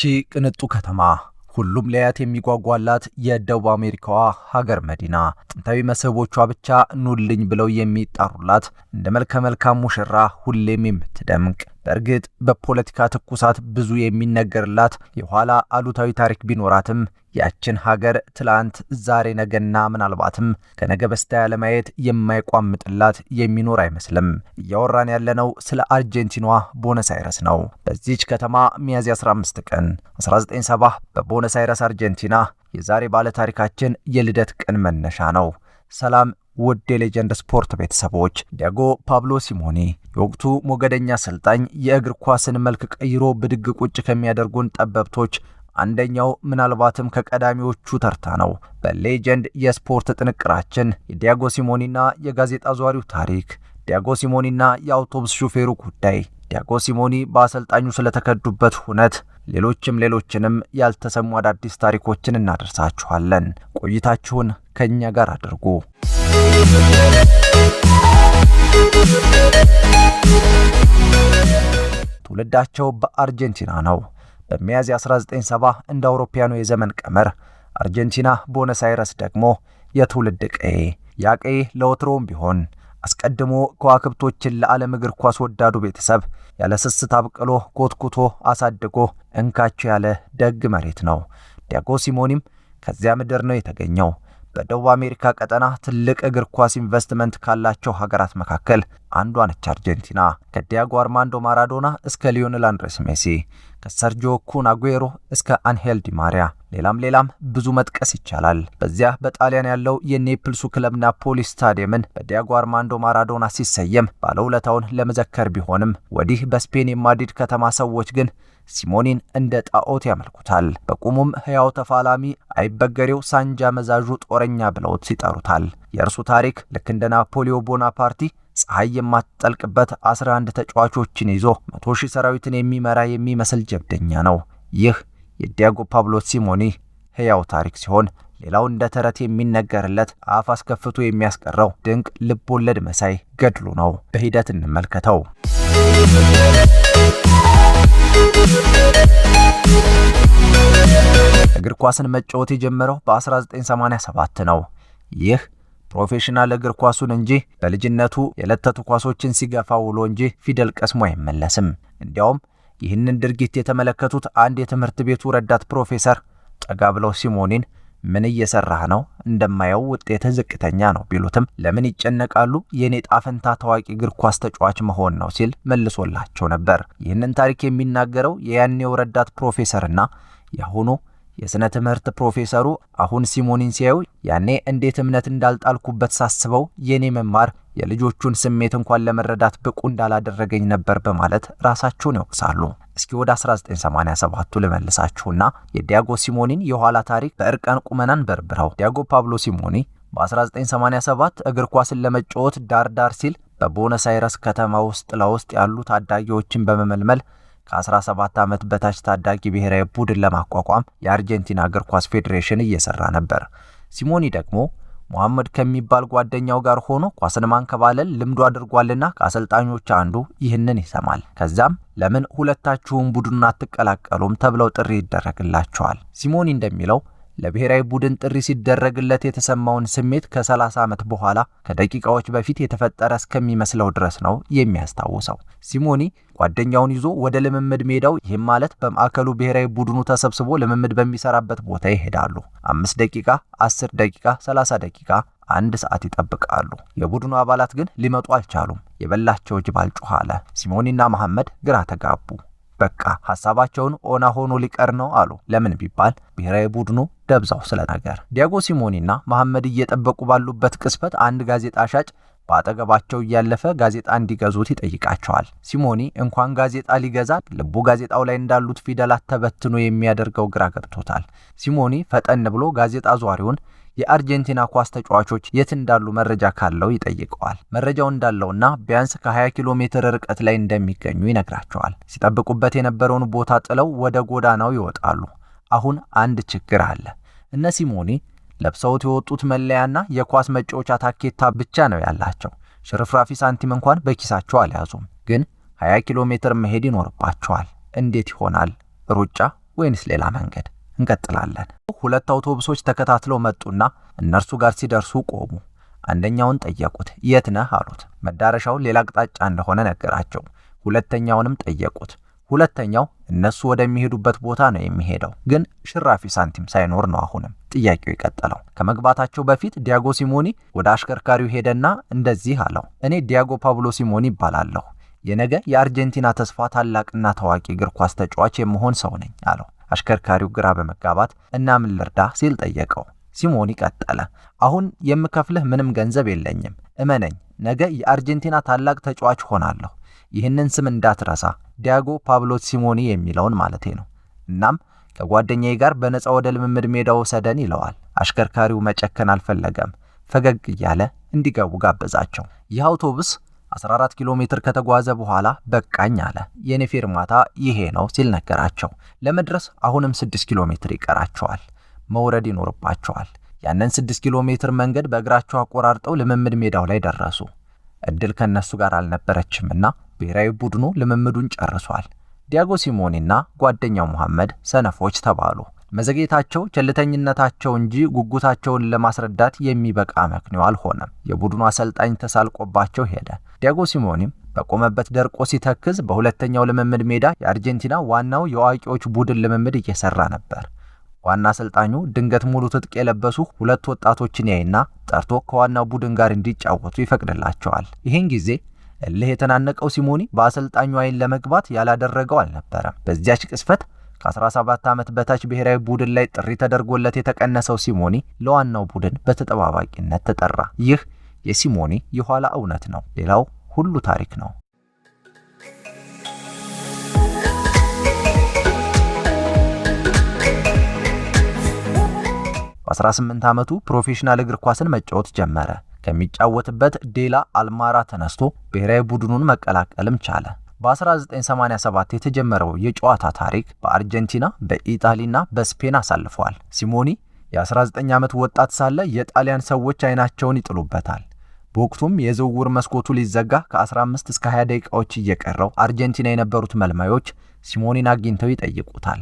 ይቺ ቅንጡ ከተማ ሁሉም ሊያያት የሚጓጓላት የደቡብ አሜሪካዋ ሀገር መዲና ጥንታዊ መስህቦቿ ብቻ ኑልኝ ብለው የሚጣሩላት እንደ መልከ መልካም ሙሽራ ሁሌም የምትደምቅ በእርግጥ በፖለቲካ ትኩሳት ብዙ የሚነገርላት የኋላ አሉታዊ ታሪክ ቢኖራትም ያችን ሀገር ትላንት፣ ዛሬ፣ ነገና ምናልባትም ከነገ በስቲያ ለማየት የማይቋምጥላት የሚኖር አይመስልም። እያወራን ያለነው ስለ አርጀንቲኗ ቦነስ አይረስ ነው። በዚች ከተማ ሚያዝያ 15 ቀን 1970 በቦነስ አይረስ አርጀንቲና የዛሬ ባለታሪካችን የልደት ቀን መነሻ ነው። ሰላም ውድ የሌጀንድ ስፖርት ቤተሰቦች ዲያጎ ፓብሎ ሲሞኔ የወቅቱ ሞገደኛ አሰልጣኝ የእግር ኳስን መልክ ቀይሮ ብድግ ቁጭ ከሚያደርጉን ጠበብቶች አንደኛው ምናልባትም ከቀዳሚዎቹ ተርታ ነው። በሌጀንድ የስፖርት ጥንቅራችን የዲያጎ ሲሞኒና የጋዜጣ ዟሪው ታሪክ፣ ዲያጎ ሲሞኒና የአውቶቡስ ሹፌሩ ጉዳይ፣ ዲያጎ ሲሞኒ በአሰልጣኙ ስለተከዱበት ሁነት፣ ሌሎችም ሌሎችንም ያልተሰሙ አዳዲስ ታሪኮችን እናደርሳችኋለን። ቆይታችሁን ከእኛ ጋር አድርጉ። ትውልዳቸው በአርጀንቲና ነው። በሚያዝያ 1970 እንደ አውሮፓያኑ የዘመን ቀመር አርጀንቲና ቦነስ አይረስ ደግሞ የትውልድ ቀዬ። ያ ቀዬ ለወትሮውም ቢሆን አስቀድሞ ከዋክብቶችን ለዓለም እግር ኳስ ወዳዱ ቤተሰብ ያለ ስስት አብቅሎ ኮትኩቶ አሳድጎ እንካቸው ያለ ደግ መሬት ነው። ዲያጎ ሲሞኒም ከዚያ ምድር ነው የተገኘው። በደቡብ አሜሪካ ቀጠና ትልቅ እግር ኳስ ኢንቨስትመንት ካላቸው ሀገራት መካከል አንዷ ነች አርጀንቲና። ከዲያጎ አርማንዶ ማራዶና እስከ ሊዮኔል አንድሬስ ሜሲ፣ ከሰርጆ ኩን አጉዌሮ እስከ አንሄል ዲማሪያ፣ ሌላም ሌላም ብዙ መጥቀስ ይቻላል። በዚያ በጣሊያን ያለው የኔፕልሱ ክለብ ናፖሊ ስታዲየምን በዲያጎ አርማንዶ ማራዶና ሲሰየም ባለውለታውን ለመዘከር ቢሆንም ወዲህ በስፔን የማድሪድ ከተማ ሰዎች ግን ሲሞኒን እንደ ጣዖት ያመልኩታል። በቁሙም ሕያው ተፋላሚ፣ አይበገሬው ሳንጃ መዛዡ ጦረኛ ብለውት ይጠሩታል። የእርሱ ታሪክ ልክ እንደ ናፖሊዮ ቦናፓርቲ ፀሐይ የማትጠልቅበት 11 ተጫዋቾችን ይዞ መቶ ሺህ ሰራዊትን የሚመራ የሚመስል ጀብደኛ ነው። ይህ የዲያጎ ፓብሎ ሲሞኒ ሕያው ታሪክ ሲሆን ሌላው እንደ ተረት የሚነገርለት አፍ አስከፍቶ የሚያስቀረው ድንቅ ልብ ወለድ መሳይ ገድሉ ነው። በሂደት እንመልከተው። እግር ኳስን መጫወት የጀመረው በ1987 ነው። ይህ ፕሮፌሽናል እግር ኳሱን እንጂ በልጅነቱ የለተቱ ኳሶችን ሲገፋ ውሎ እንጂ ፊደል ቀስሞ አይመለስም። እንዲያውም ይህንን ድርጊት የተመለከቱት አንድ የትምህርት ቤቱ ረዳት ፕሮፌሰር ጠጋ ብለው ሲሞኒን ምን እየሰራህ ነው? እንደማየው ውጤትህ ዝቅተኛ ነው ቢሉትም ለምን ይጨነቃሉ? የኔ ጣፈንታ ታዋቂ እግር ኳስ ተጫዋች መሆን ነው ሲል መልሶላቸው ነበር። ይህንን ታሪክ የሚናገረው የያኔው ረዳት ፕሮፌሰርና የአሁኑ የሥነ ትምህርት ፕሮፌሰሩ አሁን ሲሞኒን ሲያዩ ያኔ እንዴት እምነት እንዳልጣልኩበት ሳስበው የኔ መማር የልጆቹን ስሜት እንኳን ለመረዳት ብቁ እንዳላደረገኝ ነበር በማለት ራሳቸውን ይወቅሳሉ። እስኪ ወደ 1987ቱ ልመልሳችሁና የዲያጎ ሲሞኒን የኋላ ታሪክ በእርቀን ቁመናን በርብረው። ዲያጎ ፓብሎ ሲሞኒ በ1987 እግር ኳስን ለመጫወት ዳር ዳር ሲል በቦነስ አይረስ ከተማ ውስጥ ለውስጥ ያሉ ታዳጊዎችን በመመልመል ከ17 ዓመት በታች ታዳጊ ብሔራዊ ቡድን ለማቋቋም የአርጀንቲና እግር ኳስ ፌዴሬሽን እየሰራ ነበር። ሲሞኒ ደግሞ ሞሐመድ ከሚባል ጓደኛው ጋር ሆኖ ኳስን ማንከባለል ልምዱ አድርጓልና ከአሰልጣኞች አንዱ ይህንን ይሰማል። ከዛም ለምን ሁለታችሁም ቡድኑን አትቀላቀሉም ተብለው ጥሪ ይደረግላቸዋል። ሲሞኒ እንደሚለው ለብሔራዊ ቡድን ጥሪ ሲደረግለት የተሰማውን ስሜት ከ30 ዓመት በኋላ ከደቂቃዎች በፊት የተፈጠረ እስከሚመስለው ድረስ ነው የሚያስታውሰው። ሲሞኒ ጓደኛውን ይዞ ወደ ልምምድ ሜዳው ይህም ማለት በማዕከሉ ብሔራዊ ቡድኑ ተሰብስቦ ልምምድ በሚሰራበት ቦታ ይሄዳሉ። አምስት ደቂቃ፣ አስር ደቂቃ፣ 30 ደቂቃ አንድ ሰዓት ይጠብቃሉ። የቡድኑ አባላት ግን ሊመጡ አልቻሉም። የበላቸው ጅብ አልጮህ አለ። ሲሞኒና መሐመድ ግራ ተጋቡ። በቃ ሀሳባቸውን ኦና ሆኖ ሊቀር ነው አሉ። ለምን ቢባል ብሔራዊ ቡድኑ ደብዛው ስለ ነገር ዲያጎ ሲሞኒና መሐመድ እየጠበቁ ባሉበት ቅስበት አንድ ጋዜጣ ሻጭ በአጠገባቸው እያለፈ ጋዜጣ እንዲገዙት ይጠይቃቸዋል። ሲሞኒ እንኳን ጋዜጣ ሊገዛ ልቡ ጋዜጣው ላይ እንዳሉት ፊደላት ተበትኖ የሚያደርገው ግራ ገብቶታል። ሲሞኒ ፈጠን ብሎ ጋዜጣ ዟሪውን የአርጀንቲና ኳስ ተጫዋቾች የት እንዳሉ መረጃ ካለው ይጠይቀዋል። መረጃው እንዳለውና ቢያንስ ከ20 ኪሎ ሜትር ርቀት ላይ እንደሚገኙ ይነግራቸዋል። ሲጠብቁበት የነበረውን ቦታ ጥለው ወደ ጎዳናው ይወጣሉ። አሁን አንድ ችግር አለ። እነ ሲሞኒ ለብሰውት የወጡት መለያና የኳስ መጫወቻ ታኬታ ብቻ ነው ያላቸው። ሽርፍራፊ ሳንቲም እንኳን በኪሳቸው አልያዙም። ግን 20 ኪሎ ሜትር መሄድ ይኖርባቸዋል። እንዴት ይሆናል? ሩጫ ወይንስ ሌላ መንገድ? እንቀጥላለን። ሁለት አውቶቡሶች ተከታትለው መጡና እነርሱ ጋር ሲደርሱ ቆሙ። አንደኛውን ጠየቁት፣ የት ነህ አሉት። መዳረሻው ሌላ አቅጣጫ እንደሆነ ነገራቸው። ሁለተኛውንም ጠየቁት። ሁለተኛው እነሱ ወደሚሄዱበት ቦታ ነው የሚሄደው፣ ግን ሽራፊ ሳንቲም ሳይኖር ነው። አሁንም ጥያቄው የቀጠለው። ከመግባታቸው በፊት ዲያጎ ሲሞኒ ወደ አሽከርካሪው ሄደና እንደዚህ አለው፣ እኔ ዲያጎ ፓብሎ ሲሞኒ ይባላለሁ። የነገ የአርጀንቲና ተስፋ ታላቅና ታዋቂ እግር ኳስ ተጫዋች የመሆን ሰው ነኝ አለው። አሽከርካሪው ግራ በመጋባት እና ምን ልርዳ ሲል ጠየቀው። ሲሞኒ ቀጠለ። አሁን የምከፍልህ ምንም ገንዘብ የለኝም። እመነኝ፣ ነገ የአርጀንቲና ታላቅ ተጫዋች ሆናለሁ። ይህንን ስም እንዳትረሳ፣ ዲያጎ ፓብሎት ሲሞኒ የሚለውን ማለቴ ነው። እናም ከጓደኛዬ ጋር በነፃ ወደ ልምምድ ሜዳው ሰደን ይለዋል። አሽከርካሪው መጨከን አልፈለገም። ፈገግ እያለ እንዲገቡ ጋበዛቸው። ይህ አውቶቡስ 14 ኪሎ ሜትር ከተጓዘ በኋላ በቃኝ አለ። የኔ ፌርማታ ይሄ ነው ሲል ነገራቸው። ለመድረስ አሁንም 6 ኪሎ ሜትር ይቀራቸዋል። መውረድ ይኖርባቸዋል። ያንን 6 ኪሎ ሜትር መንገድ በእግራቸው አቆራርጠው ልምምድ ሜዳው ላይ ደረሱ። እድል ከነሱ ጋር አልነበረችምና ብሔራዊ ቡድኑ ልምምዱን ጨርሷል። ዲያጎ ሲሞኔና ጓደኛው መሐመድ ሰነፎች ተባሉ። መዘግየታቸው ቸልተኝነታቸው እንጂ ጉጉታቸውን ለማስረዳት የሚበቃ መክንዮ አልሆነም። የቡድኑ አሰልጣኝ ተሳልቆባቸው ሄደ። ዲያጎ ሲሞኒ በቆመበት ደርቆ ሲተክዝ፣ በሁለተኛው ልምምድ ሜዳ የአርጀንቲና ዋናው የአዋቂዎች ቡድን ልምምድ እየሰራ ነበር። ዋና አሰልጣኙ ድንገት ሙሉ ትጥቅ የለበሱ ሁለት ወጣቶችን ያይና ጠርቶ ከዋናው ቡድን ጋር እንዲጫወቱ ይፈቅድላቸዋል። ይህን ጊዜ እልህ የተናነቀው ሲሞኒ በአሰልጣኙ አይን ለመግባት ያላደረገው አልነበረም። በዚያች ቅስፈት ከ17 ዓመት በታች ብሔራዊ ቡድን ላይ ጥሪ ተደርጎለት የተቀነሰው ሲሞኒ ለዋናው ቡድን በተጠባባቂነት ተጠራ። ይህ የሲሞኔ የኋላ እውነት ነው፣ ሌላው ሁሉ ታሪክ ነው። በ18 ዓመቱ ፕሮፌሽናል እግር ኳስን መጫወት ጀመረ። ከሚጫወትበት ዴላ አልማራ ተነስቶ ብሔራዊ ቡድኑን መቀላቀልም ቻለ። በ1987 የተጀመረው የጨዋታ ታሪክ በአርጀንቲና በኢጣሊና በስፔን አሳልፏል። ሲሞኒ የ19 ዓመት ወጣት ሳለ የጣሊያን ሰዎች አይናቸውን ይጥሉበታል። በወቅቱም የዝውውር መስኮቱ ሊዘጋ ከ15 እስከ 20 ደቂቃዎች እየቀረው አርጀንቲና የነበሩት መልማዮች ሲሞኒን አግኝተው ይጠይቁታል።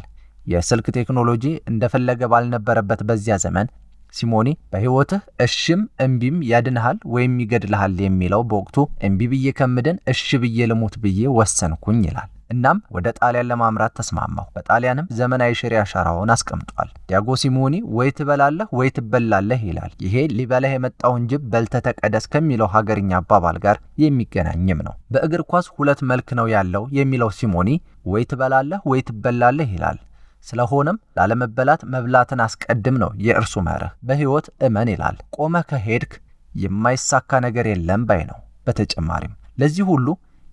የስልክ ቴክኖሎጂ እንደፈለገ ባልነበረበት በዚያ ዘመን ሲሞኒ በሕይወትህ እሽም እምቢም ያድንሃል ወይም ይገድልሃል የሚለው በወቅቱ እምቢ ብዬ ከምድን እሽ ብዬ ልሙት ብዬ ወሰንኩኝ ይላል። እናም ወደ ጣሊያን ለማምራት ተስማማሁ። በጣሊያንም ዘመናዊ ሽሬ አሻራውን አስቀምጧል። ዲያጎ ሲሞኒ ወይ ትበላለህ ወይ ትበላለህ ይላል። ይሄ ሊበላህ የመጣውን ጅብ በልተ ተቀደስ ከሚለው ሀገርኛ አባባል ጋር የሚገናኝም ነው። በእግር ኳስ ሁለት መልክ ነው ያለው የሚለው ሲሞኒ ወይ ትበላለህ ወይ ትበላለህ ይላል። ስለሆነም ላለመበላት መብላትን አስቀድም ነው የእርሱ መርህ። በሕይወት እመን ይላል። ቆመ ከሄድክ የማይሳካ ነገር የለም ባይ ነው። በተጨማሪም ለዚህ ሁሉ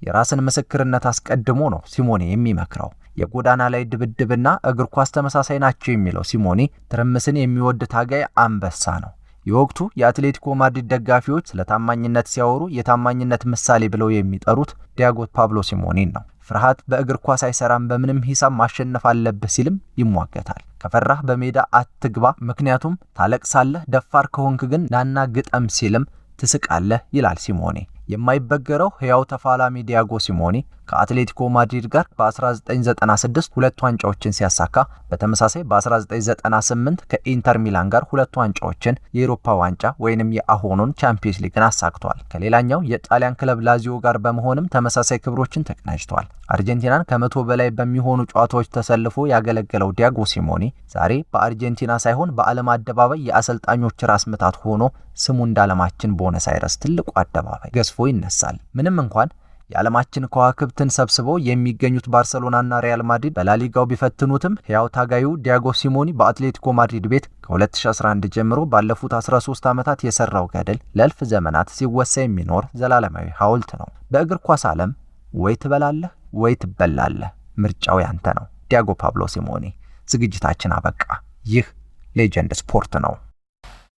የራስን ምስክርነት አስቀድሞ ነው ሲሞኔ የሚመክረው። የጎዳና ላይ ድብድብና እግር ኳስ ተመሳሳይ ናቸው የሚለው ሲሞኔ ትርምስን የሚወድ ታጋይ አንበሳ ነው። የወቅቱ የአትሌቲኮ ማድሪድ ደጋፊዎች ስለ ታማኝነት ሲያወሩ የታማኝነት ምሳሌ ብለው የሚጠሩት ዲያጎ ፓብሎ ሲሞኔን ነው። ፍርሃት በእግር ኳስ አይሰራም፣ በምንም ሂሳብ ማሸነፍ አለብህ ሲልም ይሟገታል። ከፈራህ በሜዳ አትግባ፣ ምክንያቱም ታለቅሳለህ፣ ደፋር ከሆንክ ግን ናና ግጠም ሲልም ትስቃለህ ይላል ሲሞኔ። የማይበገረው ሕያው ተፋላሚ ዲያጎ ሲሞኒ ከአትሌቲኮ ማድሪድ ጋር በ1996 ሁለት ዋንጫዎችን ሲያሳካ በተመሳሳይ በ1998 ከኢንተር ሚላን ጋር ሁለት ዋንጫዎችን የኤሮፓ ዋንጫ ወይንም የአሁኑን ቻምፒየንስ ሊግን አሳክቷል። ከሌላኛው የጣሊያን ክለብ ላዚዮ ጋር በመሆንም ተመሳሳይ ክብሮችን ተቀናጅቷል። አርጀንቲናን ከመቶ በላይ በሚሆኑ ጨዋታዎች ተሰልፎ ያገለገለው ዲያጎ ሲሞኒ ዛሬ በአርጀንቲና ሳይሆን በዓለም አደባባይ የአሰልጣኞች ራስ ምታት ሆኖ ስሙ እንዳለማችን ቦነስ አይረስ ትልቁ አደባባይ ገዝፎ ይነሳል። ምንም እንኳን የዓለማችን ከዋክብትን ሰብስበው የሚገኙት ባርሰሎናና ሪያል ማድሪድ በላሊጋው ቢፈትኑትም ሕያው ታጋዩ ዲያጎ ሲሞኒ በአትሌቲኮ ማድሪድ ቤት ከ2011 ጀምሮ ባለፉት 13 ዓመታት የሰራው ገድል ለእልፍ ዘመናት ሲወሳ የሚኖር ዘላለማዊ ሐውልት ነው። በእግር ኳስ ዓለም ወይ ትበላለህ ወይ ትበላለህ፣ ምርጫው ያንተ ነው። ዲያጎ ፓብሎ ሲሞኒ። ዝግጅታችን አበቃ። ይህ ሌጀንድ ስፖርት ነው።